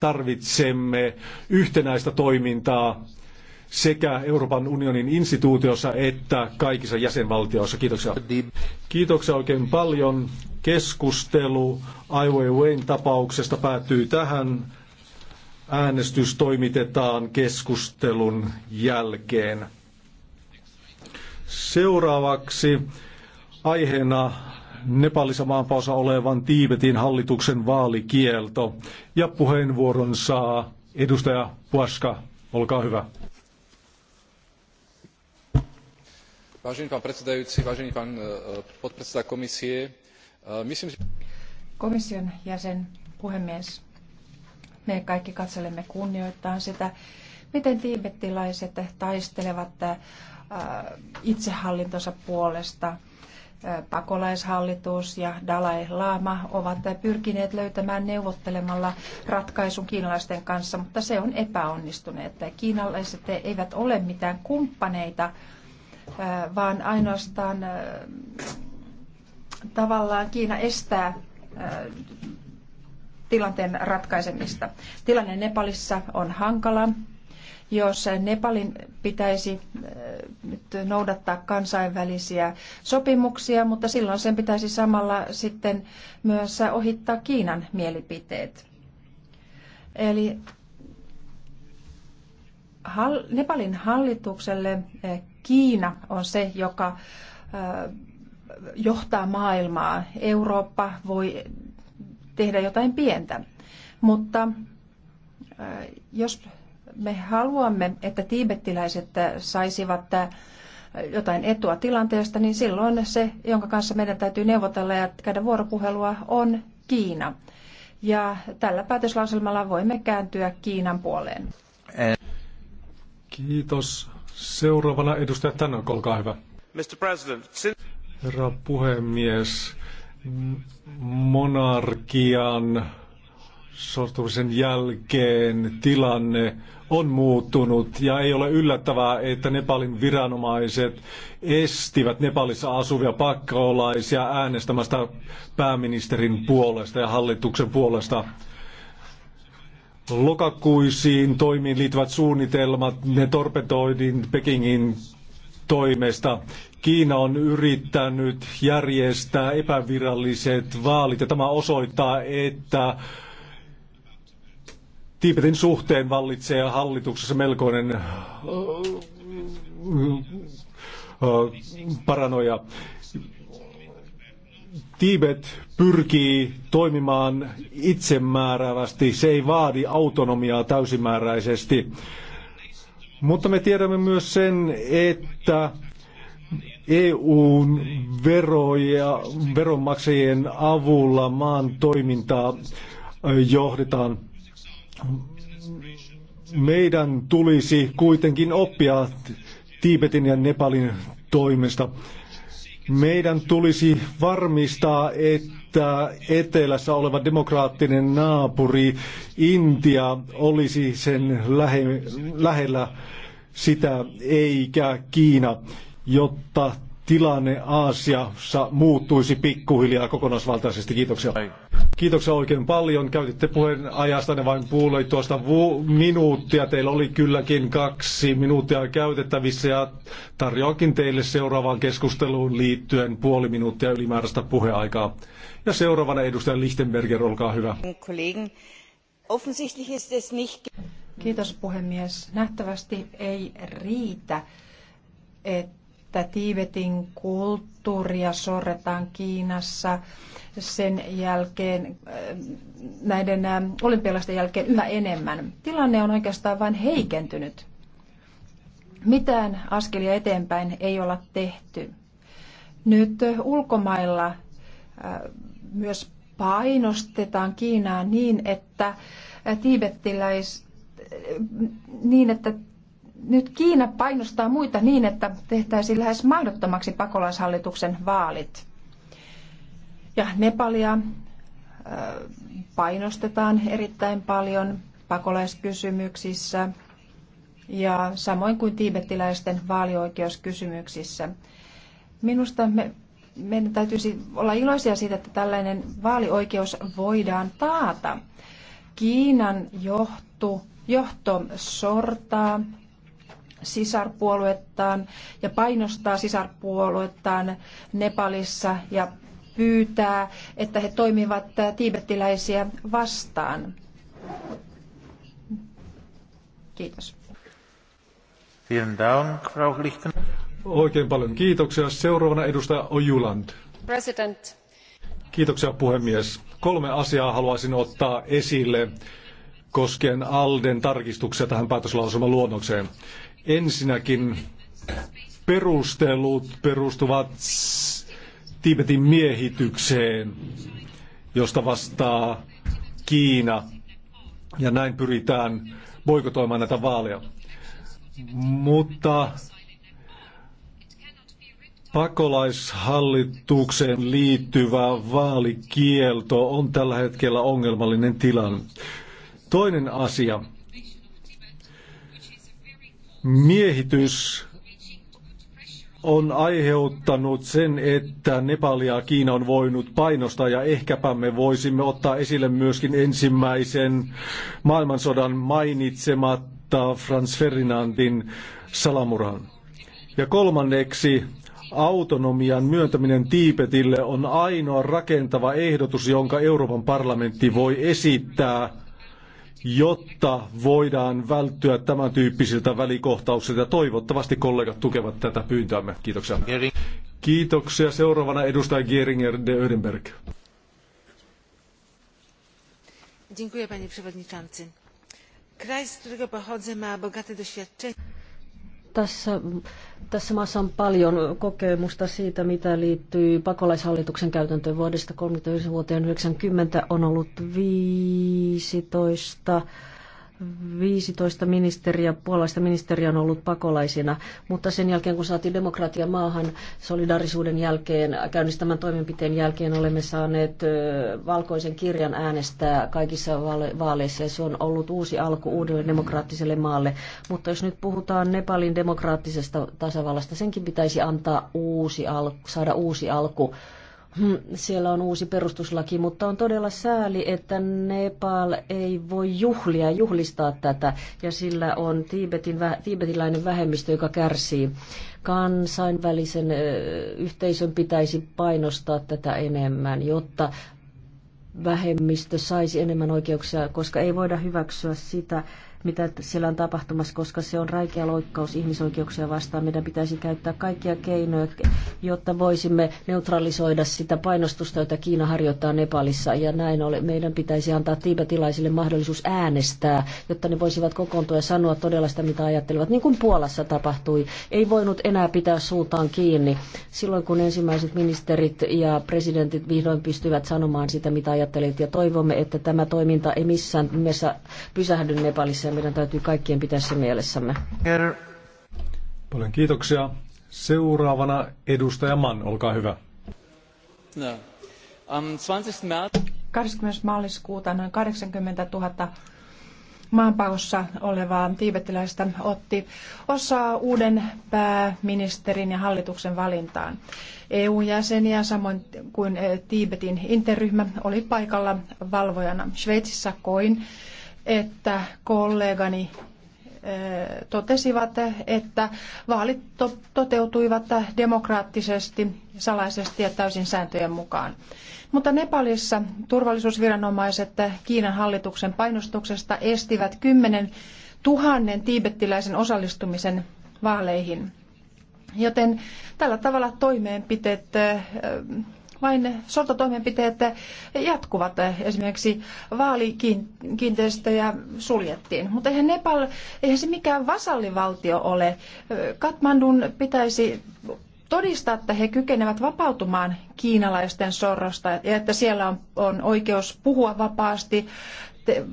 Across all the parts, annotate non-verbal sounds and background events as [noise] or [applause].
tarvitsemme yhtenäistä toimintaa sekä Euroopan unionin instituutiossa että kaikissa jäsenvaltioissa. Kiitoksia. Kiitoksia oikein paljon. Keskustelu Ai Weiwein tapauksesta päättyy tähän. Äänestys toimitetaan keskustelun jälkeen. Seuraavaksi aiheena Nepalissa maanpaossa olevan Tiibetin hallituksen vaalikielto. Ja puheenvuoron saa edustaja Puaska. Olkaa hyvä. Vážený pán predsedajúci, vážený pán e, podpredseda komisie, e, myslím Komission jäsen, puhemies, me kaikki katselemme kunnioittaa sitä, miten tiibettilaiset taistelevat e, itsehallintonsa puolesta pakolaishallitus ja Dalai Lama ovat pyrkineet löytämään neuvottelemalla ratkaisun kiinalaisten kanssa, mutta se on että Kiinalaiset eivät ole mitään kumppaneita, vaan ainoastaan tavallaan Kiina estää tilanteen ratkaisemista. Tilanne Nepalissa on hankala jos Nepalin pitäisi äh, nyt noudattaa kansainvälisiä sopimuksia, mutta silloin sen pitäisi samalla sitten myös ohittaa Kiinan mielipiteet. Eli Nepalin hallitukselle äh, Kiina on se, joka äh, johtaa maailmaa. Eurooppa voi tehdä jotain pientä, mutta jos me haluamme, että tiibettiläiset saisivat äh, jotain etua tilanteesta, niin silloin se, jonka kanssa meidän täytyy neuvotella ja käydä vuoropuhelua, on Kiina. Ja tällä päätöslauselmalla voimme kääntyä Kiinan puoleen. Kiitos. Seuraavana edustaja tänne, olkaa hyvä. Mr. President, Herra puhemies, monarkian sortumisen jälkeen tilanne on muuttunut ja ei ole yllättävää, että Nepalin viranomaiset estivät Nepalissa asuvia pakkolaisia äänestämästä pääministerin puolesta ja hallituksen puolesta. Lokakuisiin toimiin liittyvät suunnitelmat, ne torpedoidin Pekingin toimesta. Kiina on yrittänyt järjestää epäviralliset vaalit ja tämä osoittaa, että Tiipetin suhteen vallitsee hallituksessa melkoinen paranoja. Tiibet pyrkii toimimaan itsemääräävästi, se ei vaadi autonomiaa täysimääräisesti. Mutta me tiedämme myös sen, että EUn veroja, veronmaksajien avulla maan toimintaa johdetaan meidän tulisi kuitenkin oppia Tiibetin ja Nepalin toimesta. Meidän tulisi varmistaa, että etelässä oleva demokraattinen naapuri Intia olisi sen lähe, lähellä sitä, eikä Kiina, jotta tilanne Aasiassa muuttuisi pikkuhiljaa kokonaisvaltaisesti. Kiitoksia. Kiitoksia oikein paljon. Käytitte puheen ajasta ne vain puoloi tuosta minuuttia. Teillä oli kylläkin kaksi minuuttia käytettävissä ja tarjoankin teille seuraavaan keskusteluun liittyen puoli minuuttia ylimääräistä puheaikaa. Ja seuraavana edustaja Lichtenberger, olkaa hyvä. Kiitos puhemies. Nähtävästi ei riitä, että että Tiivetin kulttuuria sorretaan Kiinassa sen jälkeen, äh, näiden äh, olympialaisten jälkeen yhä enemmän. Tilanne on oikeastaan vain heikentynyt. Mitään askelia eteenpäin ei olla tehty. Nyt ulkomailla äh, myös painostetaan Kiinaa niin, että tiibettiläis, niin, että nyt Kiina painostaa muita niin, että tehtäisiin lähes mahdottomaksi pakolaishallituksen vaalit. Ja Nepalia painostetaan erittäin paljon pakolaiskysymyksissä ja samoin kuin tiibettiläisten vaalioikeuskysymyksissä. Minusta me, meidän täytyisi olla iloisia siitä, että tällainen vaalioikeus voidaan taata. Kiinan johtu, johto sortaa sisarpuoluettaan ja painostaa sisarpuoluettaan Nepalissa ja pyytää, että he toimivat tiibettiläisiä vastaan. Kiitos. Oikein paljon kiitoksia. Seuraavana edustaja Ojuland. President. Kiitoksia puhemies. Kolme asiaa haluaisin ottaa esille koskien Alden tarkistuksia tähän päätöslauselman luonnokseen. Ensinnäkin perustelut perustuvat Tibetin miehitykseen, josta vastaa Kiina. Ja näin pyritään boikotoimaan näitä vaaleja. Mutta pakolaishallitukseen liittyvä vaalikielto on tällä hetkellä ongelmallinen tilanne. Toinen asia miehitys on aiheuttanut sen, että Nepalia ja Kiina on voinut painostaa ja ehkäpä me voisimme ottaa esille myöskin ensimmäisen maailmansodan mainitsematta Franz Ferdinandin salamurhan. Ja kolmanneksi autonomian myöntäminen Tiipetille on ainoa rakentava ehdotus, jonka Euroopan parlamentti voi esittää jotta voidaan välttyä tämän tyyppisiltä välikohtauksilta. Toivottavasti kollegat tukevat tätä pyyntöämme. Kiitoksia. Kiitoksia. Seuraavana edustaja Geringer de Ödenberg. Dziękuję panie przewodniczący. Kraj, z którego pochodzę, ma bogate doświadczenie. Tässä, tässä maassa on paljon kokemusta siitä, mitä liittyy pakolaishallituksen käytäntöön vuodesta 1939 vuoteen 90 on ollut 15 15 ministeriä, puolaista ministeriä on ollut pakolaisina, mutta sen jälkeen kun saatiin demokratia maahan solidarisuuden jälkeen, käynnistämän toimenpiteen jälkeen olemme saaneet valkoisen kirjan äänestää kaikissa vaaleissa ja se on ollut uusi alku uudelle demokraattiselle maalle. Mutta jos nyt puhutaan Nepalin demokraattisesta tasavallasta, senkin pitäisi antaa uusi alku, saada uusi alku Hmm, siellä on uusi perustuslaki, mutta on todella sääli, että Nepal ei voi juhlia, juhlistaa tätä, ja sillä on Tiibetin, tiibetiläinen vähemmistö, joka kärsii. Kansainvälisen yhteisön pitäisi painostaa tätä enemmän, jotta vähemmistö saisi enemmän oikeuksia, koska ei voida hyväksyä sitä, mitä siellä on tapahtumassa, koska se on raikea loikkaus ihmisoikeuksia vastaan. Meidän pitäisi käyttää kaikkia keinoja, jotta voisimme neutralisoida sitä painostusta, jota Kiina harjoittaa Nepalissa. Ja näin ole, meidän pitäisi antaa tiibetilaisille mahdollisuus äänestää, jotta ne voisivat kokoontua ja sanoa todella sitä, mitä ajattelevat. Niin kuin Puolassa tapahtui, ei voinut enää pitää suutaan kiinni. Silloin kun ensimmäiset ministerit ja presidentit vihdoin pystyvät sanomaan sitä, mitä ajattelevat. Ja toivomme, että tämä toiminta ei missään nimessä pysähdy Nepalissa meidän täytyy kaikkien pitää se mielessämme. Paljon kiitoksia. Seuraavana edustaja Mann, olkaa hyvä. 20. No. maaliskuuta noin 80 000 maanpaossa olevaa tiibettiläistä otti osaa uuden pääministerin ja hallituksen valintaan. EU-jäseniä samoin kuin Tiibetin interryhmä oli paikalla valvojana. Sveitsissä koin että kollegani eh, totesivat, että vaalit toteutuivat demokraattisesti, salaisesti ja täysin sääntöjen mukaan. Mutta Nepalissa turvallisuusviranomaiset Kiinan hallituksen painostuksesta estivät kymmenen tuhannen tiibettiläisen osallistumisen vaaleihin. Joten tällä tavalla toimeenpiteet eh, vain sortotoimenpiteet jatkuvat. Esimerkiksi vaalikiinteistöjä suljettiin. Mutta eihän Nepal, eihän se mikään vasallivaltio ole. Katmandun pitäisi todistaa, että he kykenevät vapautumaan kiinalaisten sorrosta ja että siellä on, on oikeus puhua vapaasti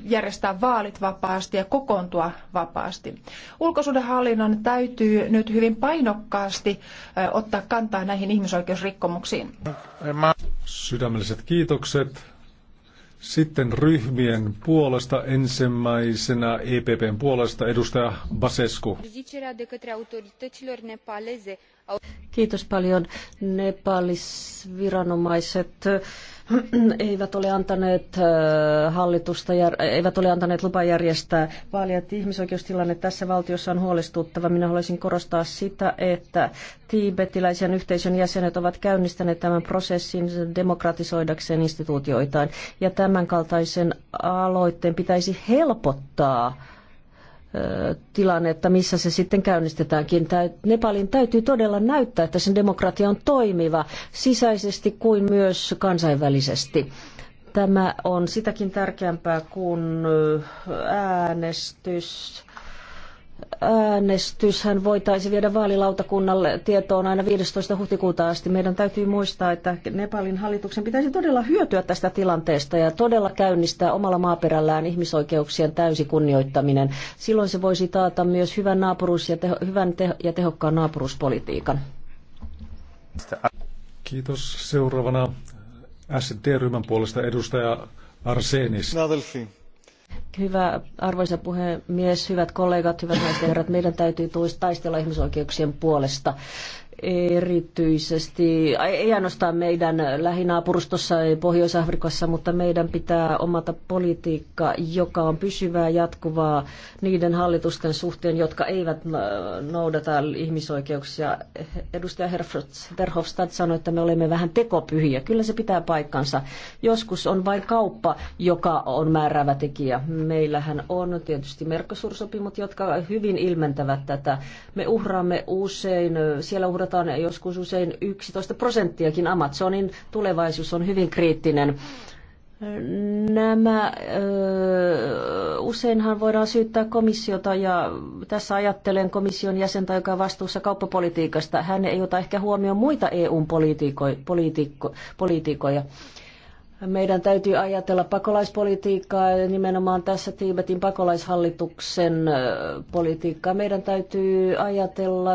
järjestää vaalit vapaasti ja kokoontua vapaasti. Ulkosuhdehallinnon täytyy nyt hyvin painokkaasti ottaa kantaa näihin ihmisoikeusrikkomuksiin. Sydämelliset kiitokset. Sitten ryhmien puolesta ensimmäisenä EPPn puolesta edustaja Basescu. Kiitos paljon. Nepalis viranomaiset [clears throat] eivät ole antaneet äh, hallitusta, eivät ole antaneet lupa järjestää vaalia. Ihmisoikeustilanne tässä valtiossa on huolestuttava. Minä haluaisin korostaa sitä, että tiibetiläisen yhteisön jäsenet ovat käynnistäneet tämän prosessin demokratisoidakseen instituutioitaan. Ja tämän kaltaisen aloitteen pitäisi helpottaa tilannetta, missä se sitten käynnistetäänkin. Nepalin täytyy todella näyttää, että sen demokratia on toimiva sisäisesti kuin myös kansainvälisesti. Tämä on sitäkin tärkeämpää kuin äänestys äänestyshän voitaisiin viedä vaalilautakunnalle tietoon aina 15. huhtikuuta asti. Meidän täytyy muistaa, että Nepalin hallituksen pitäisi todella hyötyä tästä tilanteesta ja todella käynnistää omalla maaperällään ihmisoikeuksien täysi kunnioittaminen. Silloin se voisi taata myös hyvän, naapuruus ja, teho, hyvän teho, ja tehokkaan naapuruuspolitiikan. Kiitos. Seuraavana ST-ryhmän puolesta edustaja Arsenis. Nadelfi. Hyvä arvoisa puhemies, hyvät kollegat, hyvät naiset ja herrat, meidän täytyy taistella ihmisoikeuksien puolesta erityisesti, ei ainoastaan meidän lähinaapurustossa Pohjois-Afrikassa, mutta meidän pitää omata politiikka, joka on pysyvää, jatkuvaa niiden hallitusten suhteen, jotka eivät no, noudata ihmisoikeuksia. Edustaja Verhofstadt sanoi, että me olemme vähän tekopyhiä. Kyllä se pitää paikkansa. Joskus on vain kauppa, joka on määräävä tekijä. Meillähän on tietysti merkosursopimut, jotka hyvin ilmentävät tätä. Me uhraamme usein, siellä uhraamme seurataan joskus usein 11 prosenttiakin. Amazonin tulevaisuus on hyvin kriittinen. Nämä ö, useinhan voidaan syyttää komissiota ja tässä ajattelen komission jäsentä, joka on vastuussa kauppapolitiikasta. Hän ei ota ehkä huomioon muita EU-poliitikoja. Meidän täytyy ajatella pakolaispolitiikkaa ja nimenomaan tässä Tiibetin pakolaishallituksen politiikkaa. Meidän täytyy ajatella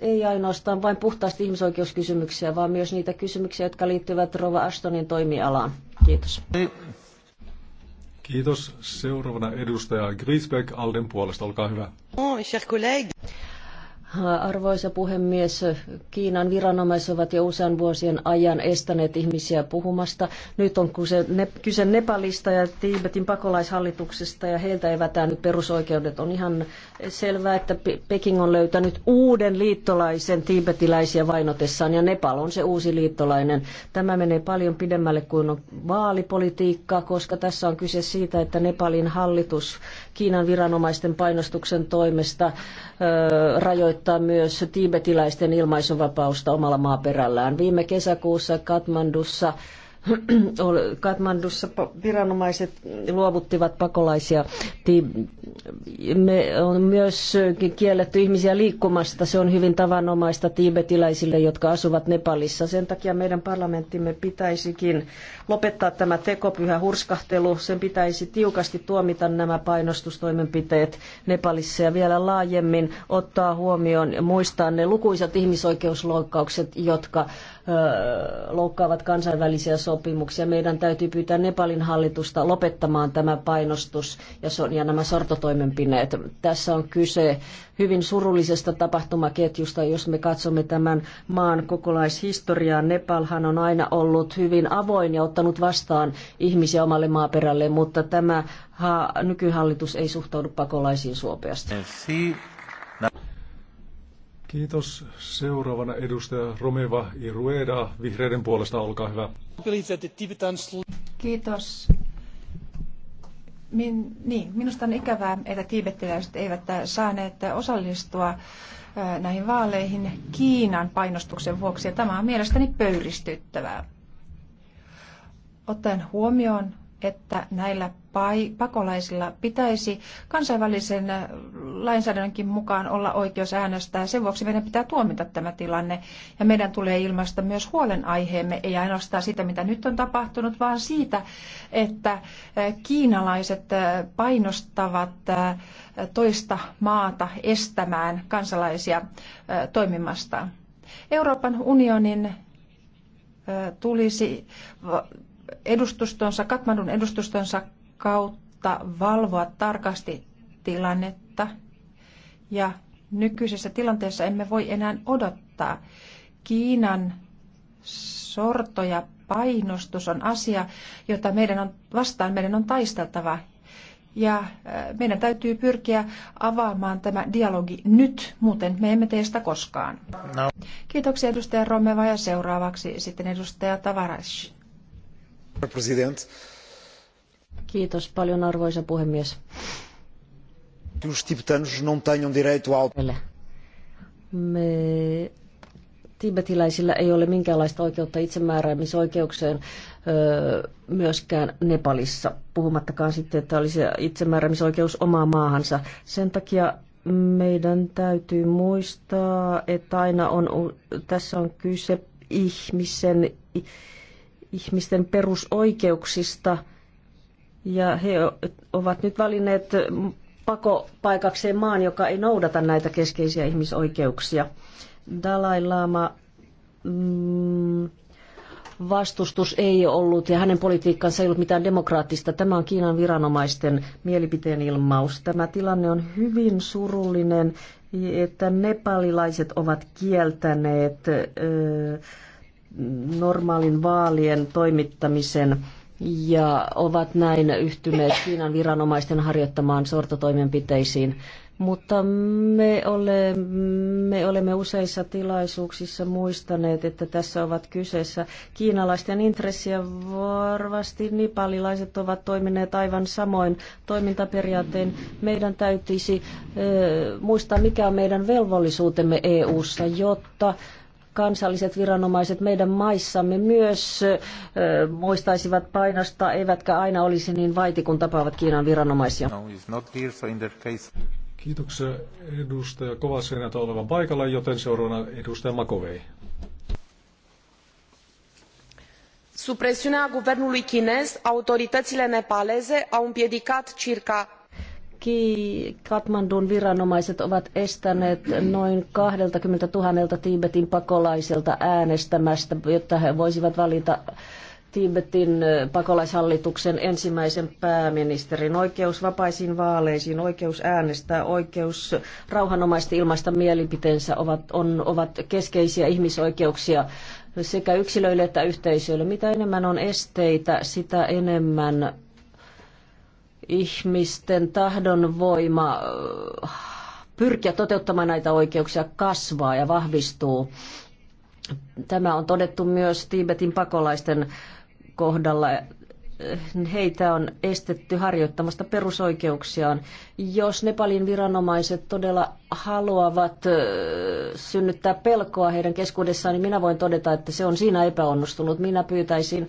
ei ainoastaan vain puhtaasti ihmisoikeuskysymyksiä, vaan myös niitä kysymyksiä, jotka liittyvät Rova Ashtonin toimialaan. Kiitos. Kiitos. Seuraavana edustaja Griesbeck Alden puolesta. Olkaa hyvä. Arvoisa puhemies, Kiinan viranomaiset ovat jo usean vuosien ajan estäneet ihmisiä puhumasta. Nyt on kyse, ne, kyse Nepalista ja Tiibetin pakolaishallituksesta ja heiltä evätään nyt perusoikeudet. On ihan selvää, että Peking on löytänyt uuden liittolaisen tiibetiläisiä vainotessaan ja Nepal on se uusi liittolainen. Tämä menee paljon pidemmälle kuin on vaalipolitiikka, koska tässä on kyse siitä, että Nepalin hallitus Kiinan viranomaisten painostuksen toimesta öö, rajoittaa rajoittaa myös tiibetiläisten ilmaisunvapausta omalla maaperällään. Viime kesäkuussa Katmandussa Katmandussa viranomaiset luovuttivat pakolaisia. Me on myös kielletty ihmisiä liikkumasta. Se on hyvin tavanomaista tiibetiläisille, jotka asuvat Nepalissa. Sen takia meidän parlamenttimme pitäisikin lopettaa tämä tekopyhä hurskahtelu. Sen pitäisi tiukasti tuomita nämä painostustoimenpiteet Nepalissa ja vielä laajemmin ottaa huomioon ja muistaa ne lukuisat ihmisoikeusloukkaukset, jotka loukkaavat kansainvälisiä sopimuksia. Meidän täytyy pyytää Nepalin hallitusta lopettamaan tämä painostus ja, so, ja nämä sortotoimenpineet. Tässä on kyse hyvin surullisesta tapahtumaketjusta, jos me katsomme tämän maan kokonaishistoriaa. Nepalhan on aina ollut hyvin avoin ja ottanut vastaan ihmisiä omalle maaperälle, mutta tämä ha, nykyhallitus ei suhtaudu pakolaisiin suopeasti. Merci. Kiitos. Seuraavana edustaja Romeva Irueda vihreiden puolesta, olkaa hyvä. Kiitos. Min, niin, minusta on ikävää, että tiibettiläiset eivät saaneet osallistua näihin vaaleihin Kiinan painostuksen vuoksi, ja tämä on mielestäni pöyristyttävää. Ottaen huomioon että näillä pakolaisilla pitäisi kansainvälisen lainsäädännönkin mukaan olla oikeus äänestää. Sen vuoksi meidän pitää tuomita tämä tilanne ja meidän tulee ilmaista myös huolenaiheemme, ei ainoastaan sitä, mitä nyt on tapahtunut, vaan siitä, että kiinalaiset painostavat toista maata estämään kansalaisia toimimasta. Euroopan unionin tulisi edustustonsa, katmandun edustustonsa kautta valvoa tarkasti tilannetta. Ja nykyisessä tilanteessa emme voi enää odottaa. Kiinan sorto ja painostus on asia, jota meidän on, vastaan meidän on taisteltava. Ja äh, meidän täytyy pyrkiä avaamaan tämä dialogi nyt, muuten me emme tee sitä koskaan. No. Kiitoksia edustaja Romeva ja seuraavaksi sitten edustaja Tavarash arvoisa puhemies. Os tibetanos não tenham direito ao... Me tibetiläisillä ei ole minkäänlaista oikeutta itsemääräämisoikeukseen myöskään Nepalissa, puhumattakaan sitten, että olisi itsemääräämisoikeus omaa maahansa. Sen takia meidän täytyy muistaa, että aina on, tässä on kyse ihmisen ihmisten perusoikeuksista ja he ovat nyt valinneet pakopaikakseen maan, joka ei noudata näitä keskeisiä ihmisoikeuksia. Dalai Lama mm, vastustus ei ollut ja hänen politiikkansa ei ollut mitään demokraattista. Tämä on Kiinan viranomaisten mielipiteen ilmaus. Tämä tilanne on hyvin surullinen, että nepalilaiset ovat kieltäneet ö, normaalin vaalien toimittamisen ja ovat näin yhtyneet Kiinan viranomaisten harjoittamaan sortotoimenpiteisiin. Mutta me olemme, olemme useissa tilaisuuksissa muistaneet, että tässä ovat kyseessä kiinalaisten intressiä. Varmasti nipalilaiset ovat toimineet aivan samoin toimintaperiaatteen. Meidän täytyisi äh, muistaa, mikä on meidän velvollisuutemme EU-ssa, jotta kansalliset viranomaiset meidän maissamme myös muistaisivat painostaa, eivätkä aina olisi niin vaiti, kun tapaavat Kiinan viranomaisia. No, Kiitoksia edustaja Kovasen olevan paikalla, joten seuraavana edustaja Makovei. Supresiunea presiunea guvernului chinez, autoritățile nepaleze au împiedicat circa Katmandun viranomaiset ovat estäneet noin 20 000 Tiibetin pakolaiselta äänestämästä, jotta he voisivat valita Tiibetin pakolaishallituksen ensimmäisen pääministerin. Oikeus vapaisiin vaaleisiin, oikeus äänestää, oikeus rauhanomaisesti ilmaista mielipiteensä ovat, on, ovat keskeisiä ihmisoikeuksia sekä yksilöille että yhteisöille. Mitä enemmän on esteitä, sitä enemmän ihmisten tahdon voima äh, pyrkiä toteuttamaan näitä oikeuksia kasvaa ja vahvistuu. Tämä on todettu myös Tiibetin pakolaisten kohdalla. Heitä on estetty harjoittamasta perusoikeuksiaan. Jos Nepalin viranomaiset todella haluavat äh, synnyttää pelkoa heidän keskuudessaan, niin minä voin todeta, että se on siinä epäonnistunut. Minä pyytäisin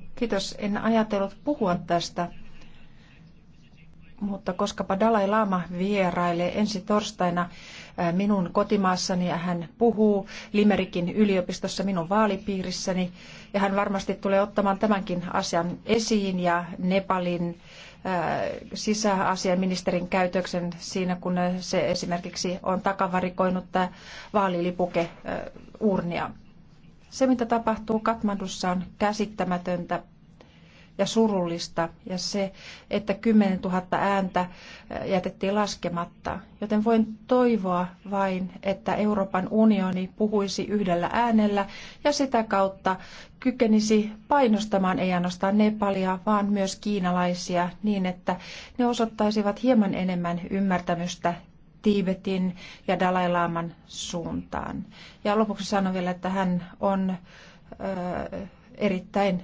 Kiitos. En ajatellut puhua tästä, mutta koskapa Dalai Lama vierailee ensi torstaina äh, minun kotimaassani ja hän puhuu Limerikin yliopistossa minun vaalipiirissäni ja hän varmasti tulee ottamaan tämänkin asian esiin ja Nepalin äh, sisäasiaministerin käytöksen siinä, kun se esimerkiksi on takavarikoinut tämä vaalilipuke äh, urnia. Se, mitä tapahtuu Katmandussa, on käsittämätöntä ja surullista ja se, että 10 000 ääntä jätettiin laskematta. Joten voin toivoa vain, että Euroopan unioni puhuisi yhdellä äänellä ja sitä kautta kykenisi painostamaan ei ainoastaan Nepalia, vaan myös kiinalaisia niin, että ne osoittaisivat hieman enemmän ymmärtämystä Tiibetin ja Dalai Laman suuntaan. Ja lopuksi sanon vielä, että hän on erittäin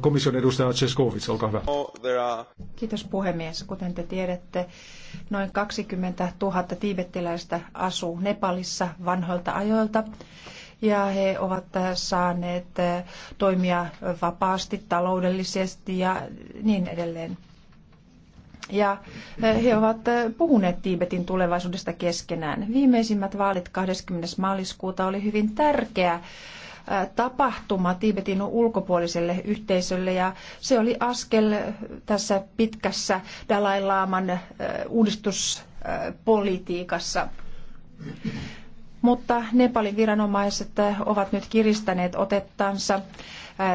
komission edustaja Czeskovits, olkaa hyvä. Kiitos puhemies. Kuten te tiedätte, noin 20 000 tiibettiläistä asuu Nepalissa vanhoilta ajoilta ja he ovat saaneet eh, toimia vapaasti, taloudellisesti ja niin edelleen. Ja eh, he ovat eh, puhuneet Tiibetin tulevaisuudesta keskenään. Viimeisimmät vaalit 20. maaliskuuta oli hyvin tärkeä tapahtuma Tiibetin ulkopuoliselle yhteisölle ja se oli askel tässä pitkässä Dalai Laaman uudistuspolitiikassa. Mutta Nepalin viranomaiset ovat nyt kiristäneet otettansa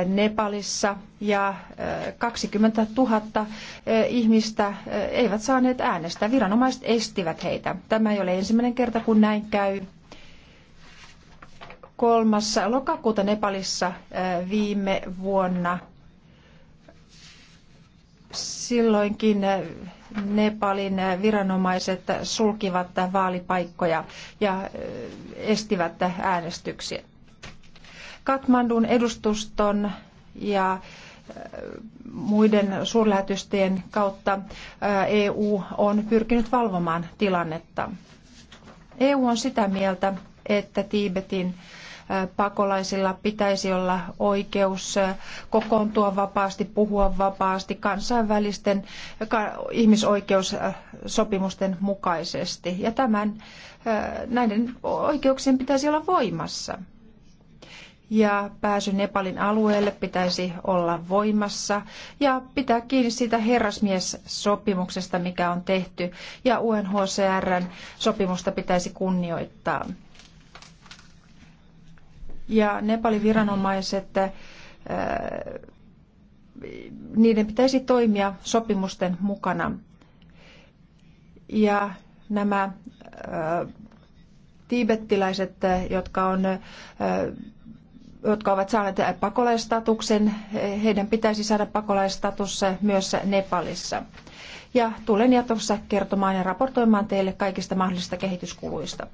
Nepalissa ja 20 000 ihmistä eivät saaneet äänestää. Viranomaiset estivät heitä. Tämä ei ole ensimmäinen kerta, kun näin käy kolmas lokakuuta Nepalissa viime vuonna. Silloinkin Nepalin viranomaiset sulkivat vaalipaikkoja ja estivät äänestyksiä. Katmandun edustuston ja muiden suurlähetystöjen kautta EU on pyrkinyt valvomaan tilannetta. EU on sitä mieltä, että Tiibetin pakolaisilla pitäisi olla oikeus kokoontua vapaasti, puhua vapaasti kansainvälisten ihmisoikeussopimusten mukaisesti. Ja tämän, näiden oikeuksien pitäisi olla voimassa ja pääsy Nepalin alueelle pitäisi olla voimassa ja pitää kiinni siitä herrasmies-sopimuksesta, mikä on tehty ja UNHCRn sopimusta pitäisi kunnioittaa ja Nepalin viranomaiset, äh, niiden pitäisi toimia sopimusten mukana. Ja nämä äh, tiibettiläiset, äh, jotka, on, jotka ovat saaneet pakolaistatuksen, heidän pitäisi saada pakolaistatus myös Nepalissa. Ja tulen jatossa kertomaan ja raportoimaan teille kaikista mahdollisista kehityskuluista.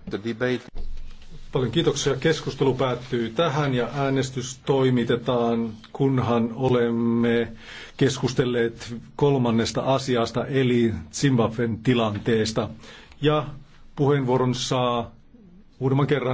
Paljon kiitoksia. Keskustelu päättyy tähän ja äänestys toimitetaan, kunhan olemme keskustelleet kolmannesta asiasta eli Zimbabwen tilanteesta. Ja puheenvuoron saa uudemman kerran